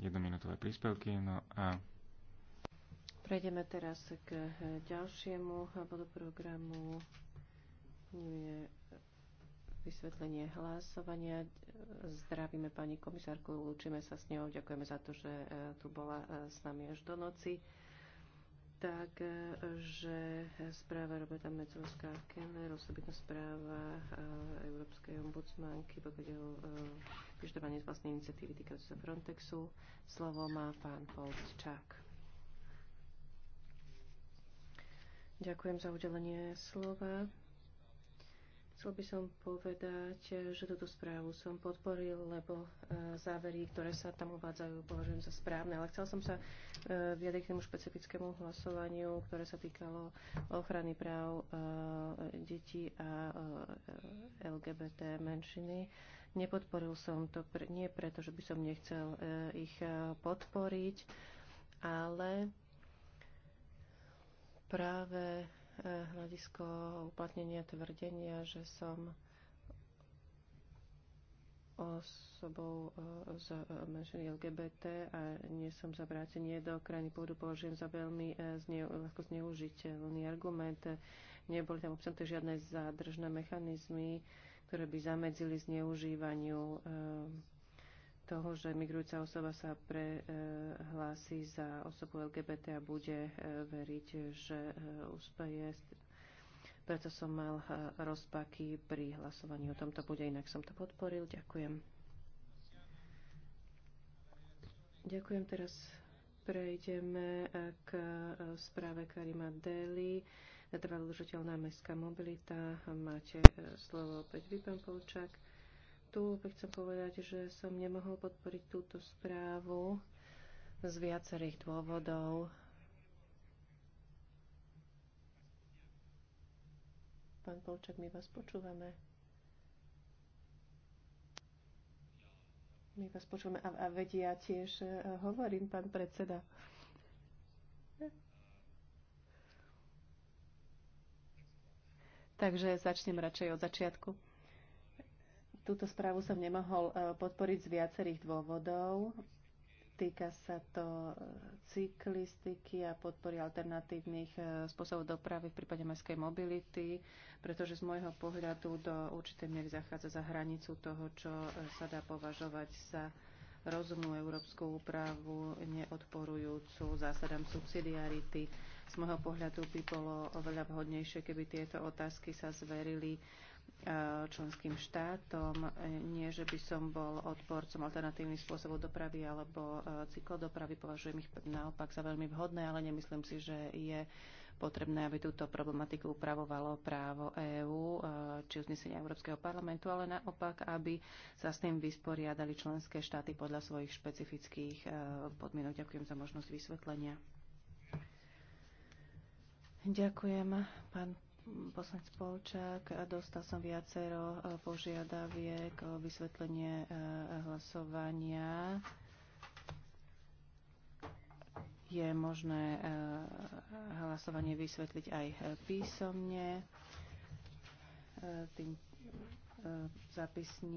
jednominútové príspevky. No a Prejdeme teraz k ďalšiemu bodu programu. Je vysvetlenie hlasovania. Zdravíme pani komisárku, lúčime sa s ňou. Ďakujeme za to, že tu bola s nami až do noci tak, e, že správa Roberta Medzovská Keller, osobitná správa e, Európskej ombudsmanky, pokiaľ je o e, vyšetrovanie z vlastnej iniciatívy týkajúce sa Frontexu. Slovo má pán Polčák. Ďakujem za udelenie slova. Chcel by som povedať, že túto správu som podporil, lebo e, závery, ktoré sa tam uvádzajú, považujem za správne. Ale chcel som sa e, vyjadriť k tomu špecifickému hlasovaniu, ktoré sa týkalo ochrany práv e, detí a LGBT menšiny. Nepodporil som to nie preto, že by som nechcel ich podporiť, ale práve stanovisko uplatnenia tvrdenia, že som osobou eh, z eh, menšiny LGBT a nie som za vrátenie do krajiny pôdu považujem za veľmi eh, zne, zneužiteľný argument. Neboli tam obsahnuté žiadne zádržné mechanizmy, ktoré by zamedzili zneužívaniu toho, že migrujúca osoba sa prehlási za osobu LGBT a bude veriť, že uspeje preto som mal eh, rozpaky pri hlasovaní o tomto bude, inak som to podporil. Ďakujem. Ďakujem. Teraz prejdeme eh, k eh, správe Karima Deli. Trvalo udržateľná mestská mobilita. Máte slovo opäť vy, pán Polčák. Tu opäť chcem povedať, že som nemohol podporiť túto správu z viacerých dôvodov Pán Polčak, my vás počúvame. My vás počúvame a, a vedia tiež, e, hovorím, pán predseda. Takže začnem radšej od začiatku. Túto správu som nemohol e, podporiť z viacerých dôvodov. Týka sa to e, cyklistiky a podpory alternatívnych e, spôsobov dopravy v prípade mestskej mobility, pretože z môjho pohľadu do určitej miery zachádza za hranicu toho, čo e, sa dá považovať za rozumnú európsku úpravu, neodporujúcu zásadám subsidiarity. Z môjho pohľadu by bolo oveľa vhodnejšie, keby tieto otázky sa zverili Eh, členským štátom. Nie, že by som bol odporcom alternatívnych spôsobov dopravy alebo eh, cyklodopravy, považujem ich naopak za veľmi vhodné, ale nemyslím si, že je potrebné, aby túto problematiku upravovalo právo EÚ eh, či uznesenia Európskeho parlamentu, ale naopak, aby sa s tým vysporiadali členské štáty podľa svojich špecifických podmienok. Ďakujem za možnosť vysvetlenia. Ďakujem, pán poslanec Polčák, dostal som viacero eh, požiadaviek o vysvetlenie eh, hlasovania. Je možné eh, hlasovanie vysvetliť aj písomne. Tým zapisníci